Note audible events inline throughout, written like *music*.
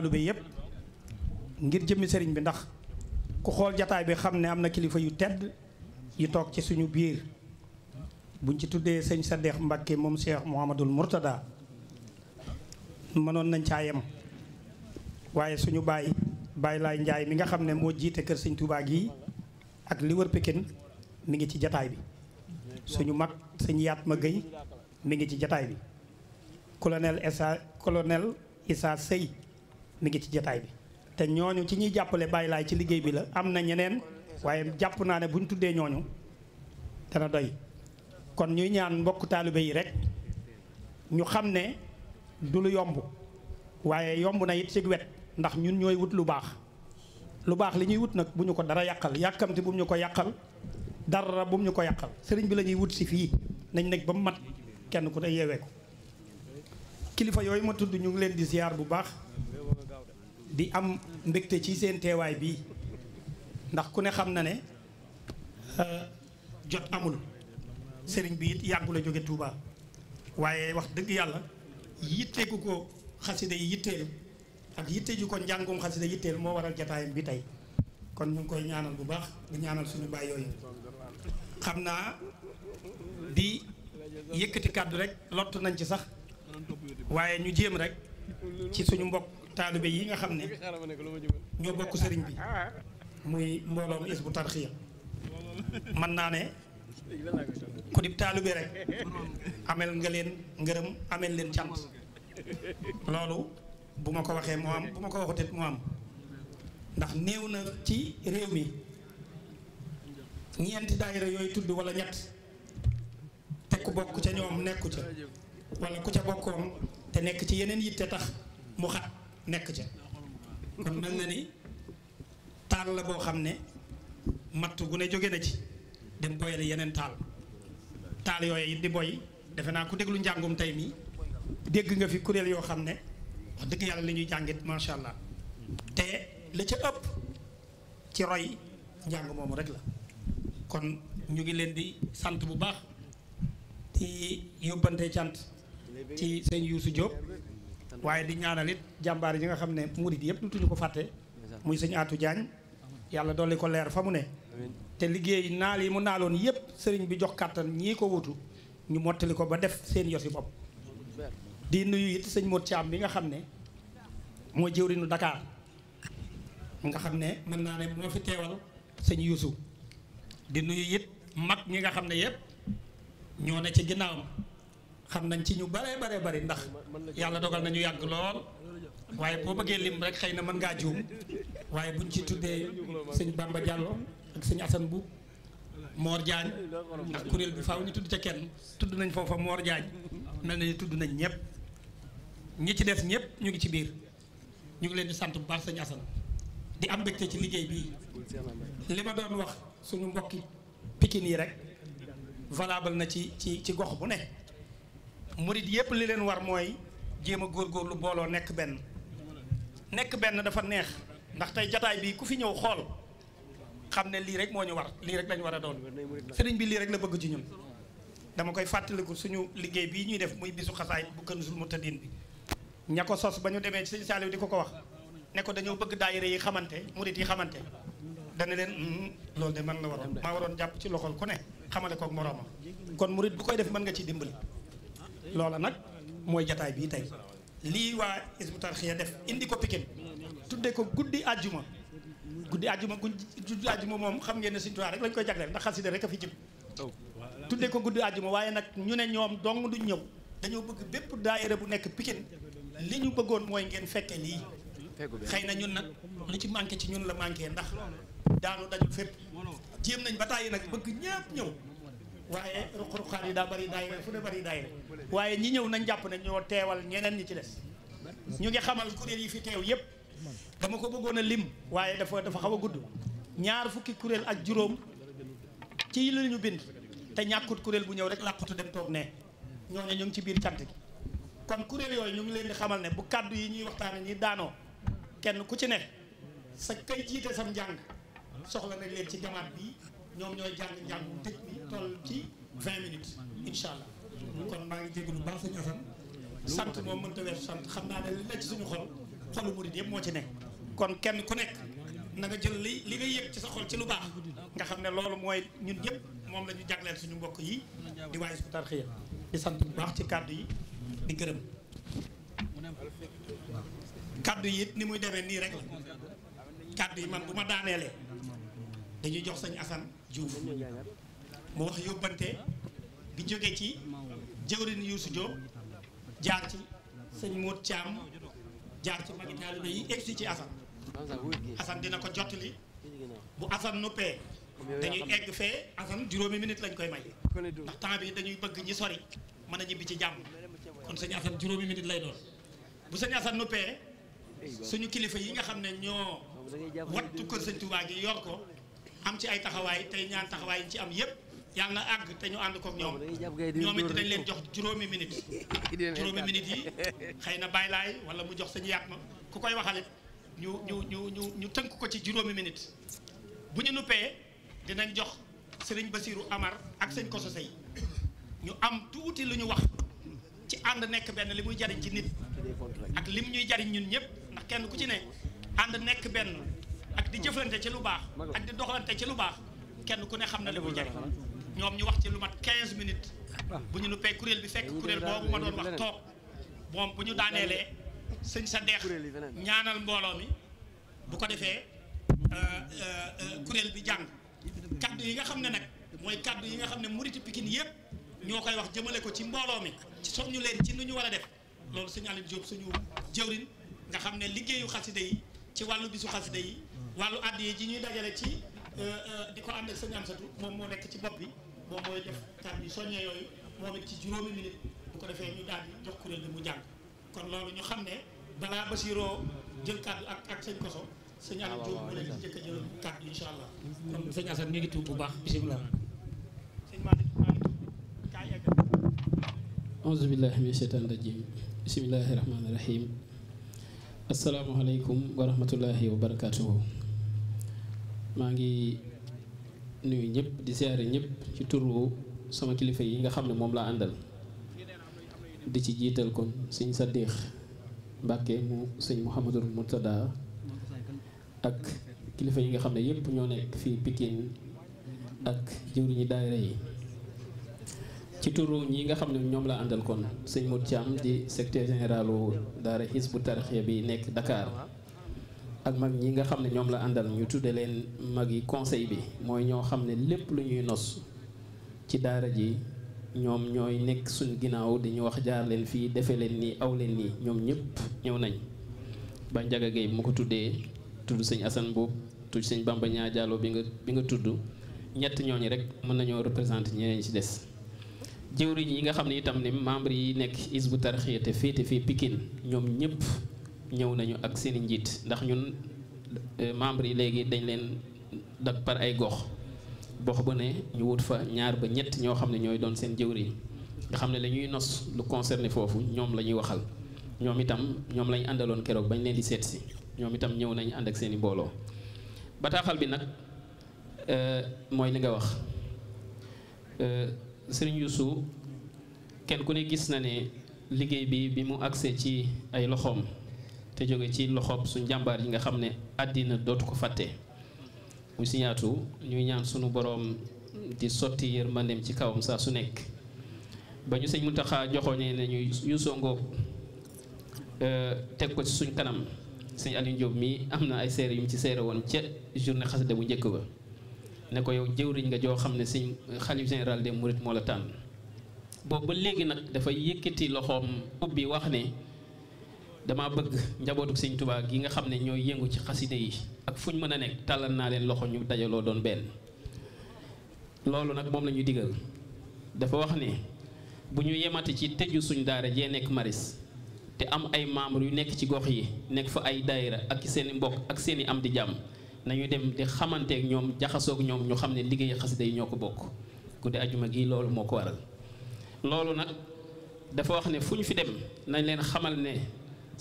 bi yëpp ngir jëmmi sëriñ bi ndax ku xool jataay bi xam ne am na kilifa yu tedd yu toog ci suñu biir buñ ci tuddee sëñ Sadeex Mbàkke moom Cheikh Mouhamadul Mourtada mënoon nañ caa yem waaye suñu baay baay laay njaay mi nga xam ne moo jiite kër sëñ Touba gi ak li mi ngi ci jataay bi suñu mag sëñ yaat ma Guèye mi ngi ci jataay bi colonel Issa sëy mi ngi ci jataay bi te ñooñu ci ñuy jàppale bàyyi laay ci liggéey bi la am na ñeneen waaye jàpp naa ne bu ñu tuddee ñooñu dana doy kon ñuy ñaan mbokk taalibe yi rek ñu xam ne du lu yomb waaye yomb na it ci wet ndax ñun ñooy wut lu baax lu baax li ñuy wut nag bu ñu ko dara yàqal yàkkamti bu ñu ko yàqal dara bu ñu ko yàqal sëriñ bi la ñuy wut si fii nañ nekk ba mu mat kenn ku ne yeewee ko kilifa yooyu ma tudd ñu ngi leen di ziar bu baax di am mbégte ci seen teewaay bii ndax ku ne xam na ne euh, jot amul sëriñ bi it yàggu la jóge Touba waaye wax dëgg yàlla yitteeku ko xasida yi yitteel ak yitte ju ko njàngum xasida yitteel moo waral jataayam bi tey kon ñu ngi koy ñaanal bu baax ñaanal suñu baay yooyu xam naa di yëkkati kàddu rek lott nañ ci sax waaye ñu jéem rek ci suñu mbokk taalibe yi nga xam ne ñoo bokk sëriñ bi muy mbooloom is bu tarxiya man naa ne ku dib taalibe rek amel nga leen ngërëm ameel leen cant loolu bu ma ko waxee moo am bu ma ko waxut it moo am ndax néew na ci réew mi ñeenti daayira yooyu tudd walla ñett te ku bokk ca ñoom nekku ca wala ku ca bokkoon te nekk ci yeneen yitte tax mu xat nekk ca kon mel na ni taal la boo xam ne matt gu ne jóge na ci dem boyale yeneen taal taal yooyu it di boy defe naa ku déglu njàngum tey mi dégg nga fi kuréel yoo xam ne wax dëgg yàlla li ñuy jàngit macha allah te la ca ëpp ci roy njàng moomu rek la kon ñu ngi leen di sant bu baax di yóbbante cant ci sëñ Youssou Diop waaye di ñaanal jàmbaar yi nga xam ne murit yëpp dutuñu ko fàtte muy sëñ Atou Diagne yàlla dolli ko leer fa mu ne te liggéey naal yi mu naaloon yëpp sëriñ bi jox kàttan ñii ko wutu ñu mottali ko ba def seen yosi bopp di nuyu it sëñ ci am bi nga xam ne moo jëwriñu Dakar nga xam ne mën naa ne moo fi teewal sëñ Youssou di nuyu it mag ñi nga xam ne yëpp ñoo ne ci ginnaawam xam nañ ci ñu bare bare bari ndax yàlla dogal nañu yàgg lool waaye boo bëggee lim rek xëy na mën ngaa juum waaye buñ ci tuddee sëñ Bamba Diallo ak sëñ Assane bu Mor Diagne ndax kuréel bi faaw ñu tudd ca kenn tudd nañ foofa Mor Diagne mel na ni tudd nañ ñëpp ñi ci des ñëpp ñu ngi ci biir ñu ngi leen di sant bu baax sëñ Assane di am mbégte ci liggéey bii li ma doon wax suñu mbokki pikin yi rek valable na ci ci ci gox bu ne murit yépp li leen war mooy jéem a lu booloo nekk benn nekk benn dafa neex ndax tey jataay bii ku fi ñëw xool xam ne lii rek moo ñu war lii rek lañu war a doon sëriñ bi lii rek la bëgg ci ñun dama koy fàttaliku suñu liggéey bii ñuy def muy bisu xasaay bu Kanzul Moutadine bi ña ko sos ba ñu demee ci sëñ Saliou di ko ko wax ne ko dañoo bëgg daayira yi xamante murit yi xamante dana leen lool de mën la waroon maa waroon jàpp ci loxol ku ne xamale kook moroomam kon murit bu koy def mën nga ci dimbali loola nag mooy jataay bii tey lii waa Hizbut Tarqiyyah def indi ko Pikine tudde ko guddi àjjuma guddi àjjuma guddi àjjuma moom xam ngeen ne Sëriñ rek lañ koy jagleel ndax xasida rek a fi jëm tudde ko guddi àjjuma waaye nag ñu ne ñoom dong duñ ñëw dañoo bëgg bépp daayira bu nekk Pikine li ñu bëggoon mooy ngeen fekke lii xëy na ñun nag lu ci manqué ci ñun la manqué ndax daanu dajul fépp jéem nañ ba tàyyi nag bëgg ñëpp ñëw waaye ruq-ruqaan yi daa bari daayira fu ne bëri daayira waaye ñi ñëw nañ jàpp ne ñoo teewal ñeneen ñi ci des ñu ngi xamal kuréel yi fi teew yépp dama ko bëggoon a lim waaye dafa dafa xaw a gudd ñaar fukki kuréel ak juróom ci la ñu bind te ñàkkut kuréel bu ñëw rek làqutu dem toog ne ñoo ne ñu ngi ci biir cant gi kon kuréel yooyu ñu ngi leen di xamal ne bu kàddu yi ñuy waxtaane ni daanoo kenn ku ci ne sa kay jiite sam njàng soxla nañ leen ci jamaat bii ñoom ñooy jàng njàngum tëj toll ci 20 minutes incha allah kon maa ngi jégalu baax sëñ Assane sant moom mënta weer sant xam naa ne li nekk suñu xol xolu murid yëpp moo ci nekk kon kenn ku nekk na nga jël li li nga yëg ci sa xol ci lu baax nga xam ne loolu mooy ñun ñëpp moom la ñu jagleel suñu mbokk yi di waaye su tarxiya di sant bu baax ci kàddu yi di gërëm kàddu yi ni muy demee nii rek la kàddu yi man bu ma daaneelee dañuy jox sëñ Assane Diouf mu wax yóbbante bi jóge ci jëwrin Youssou Diop jaar ci sëñ Mout Thiam jaar ci magi taalibe yi egsi ci Assane Assane dina ko jottali bu Assane noppee dañuy egg fee Assane juróomi minute lañ koy may ndax temps bi dañuy bëgg ñi sori mën a ñibbi ci jàmm kon sëñ Assane juróomi minute lay doon bu sëñ Assane noppee suñu kilifa yi nga xam ne ñoo wattu ko sëñ Touba gi yor ko am ci ay taxawaay tey ñaan taxawaay yi ci am yépp yàlla na àgg te ñu ànd kook ñoom ñoom it dañ leen jox juróomi minute *laughs* juróomi minute yi xëy na bàyyi laay wala mu jox sañ yaat ma ku koy waxale ñu ñu ñu ñu ñu tënk ko ci juróomi minute bu ñu nuppee dinañ jox sëriñ Basiiru Amar ak sëñ Koso Sey ñu am tuuti lu ñu wax ci ànd nekk benn li muy jariñ ci nit ak li mu ñuy jariñ ñun ñëpp ndax kenn ku ci ne ànd nekk benn ak di jëfante ci lu baax ak di doxlante ci lu baax kenn ku ne xam na li muy jariñ ñoom ñu wax ci lu mat 15 minutes ah. bu ñu nuppee kuréel bi fekk kuréel boobu ma doon wax toog moom bu ñu daaneelee sëñ sa deex ñaanal mbooloo mi bu ko defee euh, euh, euh, kuréel bi jàng kaddu yi nga xam ne nag mooy kàddu yi nga xam ne muriti Pikine yëpp ñoo koy wax jëmale ko ci mbooloo mi ci soññu leen ci nu ñu war a def loolu sëñ Aliou Diop suñu jëwrin nga xam ne liggéeyu xasida yi ci wàllu bisu xasida yi wàllu àddi yi ji ñuy dajale ci Euh, euh, di ko ànd ak sëñ moom moo nekk ci bopp bi moom mooy def kàddu soññe yooyu moom it ci juróomi minute bu ko defee ñu daal jox kuréel bi mu jàng kon loolu ñu xam ne balaa Basiroo jël kàddu ak jël kàddu incha allah. kon sëñ ñu ngi tuub bu baax bisimilah. sëñ Malick maa ngi tuub kaa yegg. auzu billahi min shaytaan rajim bismillahi rahmaani rahim asalaamaaleykum wa wa barakatuhu maa ngi nuyu ñëpp di seere ñëpp ci turu sama kilifa yi nga xam ne moom laa àndal di ci jiital kon sëñ Saddiix Mbàkke mu sëñ Mouhamadul Murtada ak kilifa yi nga xam ne yëpp ñoo nekk fii Pikine ak jëwriñu daayira yi ci turu ñi nga xam ne ñoom la àndal kon sëñ Modou Thiam di secrétaire généralu daara Hizbut Tarqiyyah bi nekk Dakar ak mag ñi nga xam ne ñoom la àndal ñu tuddee leen mag yi conseil bi mooy ñoo xam ne lépp lu ñuy nos ci daara ji ñoom ñooy nekk suñ ginnaaw dañu wax jaar leen fii defee leen nii aw leen nii ñoom ñëpp ñëw nañ ba Njaga bi mu ko tuddee tudd sëñ Assane boobu tudd sëñ Bamba ñaa Diallo bi nga bi nga tudd ñett ñooñu rek mën nañoo représenté ñeneen ci des jëwriñ yi nga xam ne itam ne membre yi nekk Hizbut Tarqiyyah te féete fii pikin ñoom ñëpp ñëw nañu ak seen i njiit ndax ñun euh, membre yi léegi dañ leen dag par ay gox gox bu ne ñu wut fa ñaar ba ñett ñoo xam ne ñooy doon seen jëwriñ nga xam ne la ñuy nos lu concerné foofu ñoom la ñuy waxal ñoom itam ñoom lañ àndaloon keroog bañ leen di seet si ñoom itam ñëw nañ ànd ak seeni booloo bataaxal bi nag euh, mooy li nga wax euh, sëriñ Youssou kenn ku ne gis na ne liggéey bi bi mu agsee ci ay loxoom te jóge ci loxoob suñ jàmbaar yi nga xam ne àddina dootu ko fàtte mu siñaatu ñuy ñaan suñu boroom di sotti yërmandeem ci kawam saa su nekk ba ñu sëñ Muntaxa joxoñee ne ñu yuusoo ngoog euh, teg ko ci suñ kanam sëñ Aliou Diop mi am na ay seere yu ci seere woon ca journée xasida bu njëkk ba ne ko yow jëwriñ nga joo xam ne sëñ xalif général des mourides moo la tànn boobu ba léegi nag dafa yëkkati loxoom ubbi wax ne dama bëgg njabootu sëñ tubaab gi nga xam ne ñooy yëngu ci xaside yi ak fu ñu mën a nekk tàllal naa leen loxo ñu dajaloo doon benn loolu nag moom la ñu digal dafa wax ne bu ñu yemati ci tëju suñ daara jee nekk maris te am ay membres yu nekk ci gox yi nekk fa ay daayira ak seen i mbokk ak seen i am di jàmm nañu dem di xamanteek ñoom jaxasoog ñoom ñu xam ne liggéey xaside yi ñoo ko bokk guddi ajuma gi loolu moo ko waral loolu nag dafa wax ne fu ñu fi dem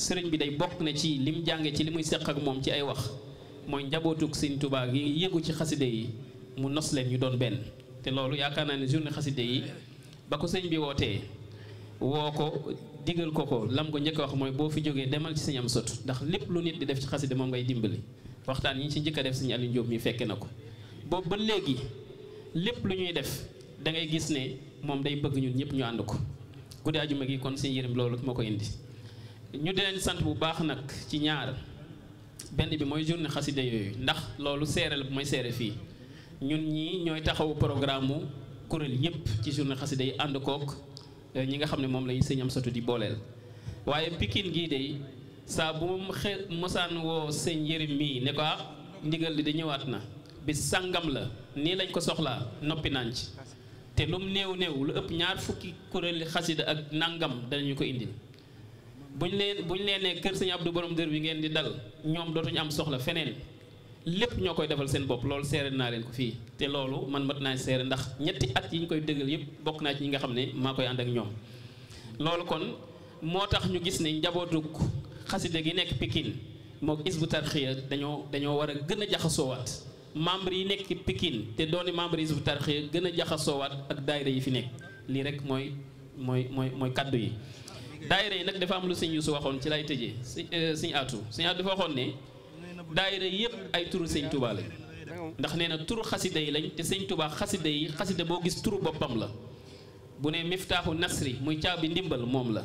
sëriñ bi day bokk na ci lim jànge ci li muy seq ak moom ci ay wax mooy njabootu sëriñ tubaab gi yëngu ci xaside yi mu nos leen ñu doon benn te loolu yaakaar naa ne journée xaside yi ba ko sëriñ bi wootee woo ko digal ko ko lam ko njëkk wax mooy boo fi jógee demal ci sëñ am ndax lépp lu nit di def ci xaside moom ngay dimbali waxtaan yi ñu ci a def sëñ Aliou Diop mi fekke na ko boobu ba léegi lépp lu ñuy def dangay gis ne moom day bëgg ñu ñëpp ñu ànd ko guddi ajuma gi kon sëñ Yërim loolu moo ko indi ñu di sant bu baax nag ci ñaar benn bi mooy journée xasida yooyu ndax loolu seere la bu may seere fii ñun ñii ñooy taxawu programme mu kuréel yépp ci journée xasida yi ànd kook euh, ñi nga xam ne moom lañu sëñ am satu di booleel waaye Pikine gii day saa bu mu xe mosaan woo sëñ yërim mii ne ko ah ndigal li di ñëwaat na bi sàngam la nii lañ ko soxlaa noppi nañ ci te lu mu néew néew lu ëpp ñaar fukki kuréel xasida ak nàngam dañu ko indil bu buñ leen buñ leen nee kër sëñ Abdou borom dër bi ngeen di dal ñoom dootuñu am soxla feneen lépp ñoo koy defal seen bopp loolu seere naa leen ko fii te loolu man mat naa seere ndax ñetti at yi ñu koy dëggal yëpp bokk naa ci ñi nga xam ne maa koy ànd ak ñoom loolu kon moo tax ñu gis ne njabootuk xasida gi nekk Pikine mook Hizbut Tarqiyyah dañoo dañoo war a gën a jaxasoowaat membre yi nekk Pikine te dooni membre yi Hizbut Tarqiyyah gën a jaxasoowaat ak daayira yi fi nekk lii rek mooy mooy mooy mooy kaddu yi daayira yi nag dafa am lu sëñ Yuusu waxoon ci lay tëjee si eh, sëñ Aatu sëñ Aatu dafa waxoon ne daayira yëpp ay turu sëñ Tuubaa lañ ndax nee na turu xasida yi lañ te sëñ Tuubaa xasida yi xasida boo gis turu boppam la bu ne miftaaxu nasri muy caabi ndimbal moom la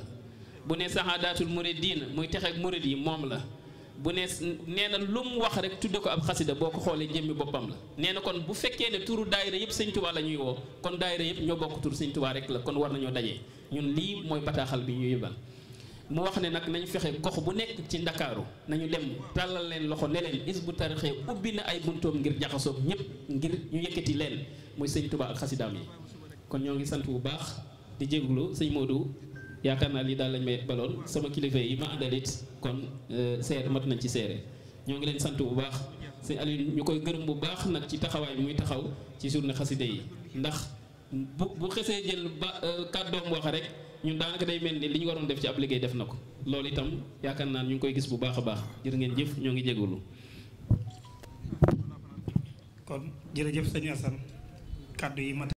bu ne saxaadaatul diina muy texeek murid yi moom la bu ne nee na lu mu wax rek tudde ko ab xasida boo ko xoolee jëmmi boppam la nee na kon bu fekkee ne turu daayira yëpp sëñ tubaa la ñuy woo kon daayira yëpp ñoo bokk turu sëñ rek la kon war nañoo dajee ñun lii mooy bataaxal bi ñu yëbal mu wax ne nag nañu fexe gox bu nekk ci ndakaaru nañu dem tàllal leen loxo ne leen is bu tarixee ubbi na ay buntoom ngir jaxasoog ñëpp ngir ñu yëkkati leen mooy sëñ tubaa ak xasidaam yi kon ñoo ngi sant bu baax di jéglu sëñ Modou yaakaar naa lii daal lañ may baloon sama kilifa yi ma àndal it kon euh, seere mat nañ ci seere ñoo ngi leen sant bu baax sëñ Aliou ñu koy gërëm bu baax nag ci taxawaay muy taxaw ci journée xasida yi ndax bu bu xesee jël ba kàddoom euh, wax rek ñun daanaka day mel ni li ñu waroon def ci ab liggéey def na ko loolu itam yaakaar naa ñu ngi koy gis bu baax baax jërë ngeen jëf ñoo ngi jégalu. kon jërëjëf sëñ Assane kàddu yi mat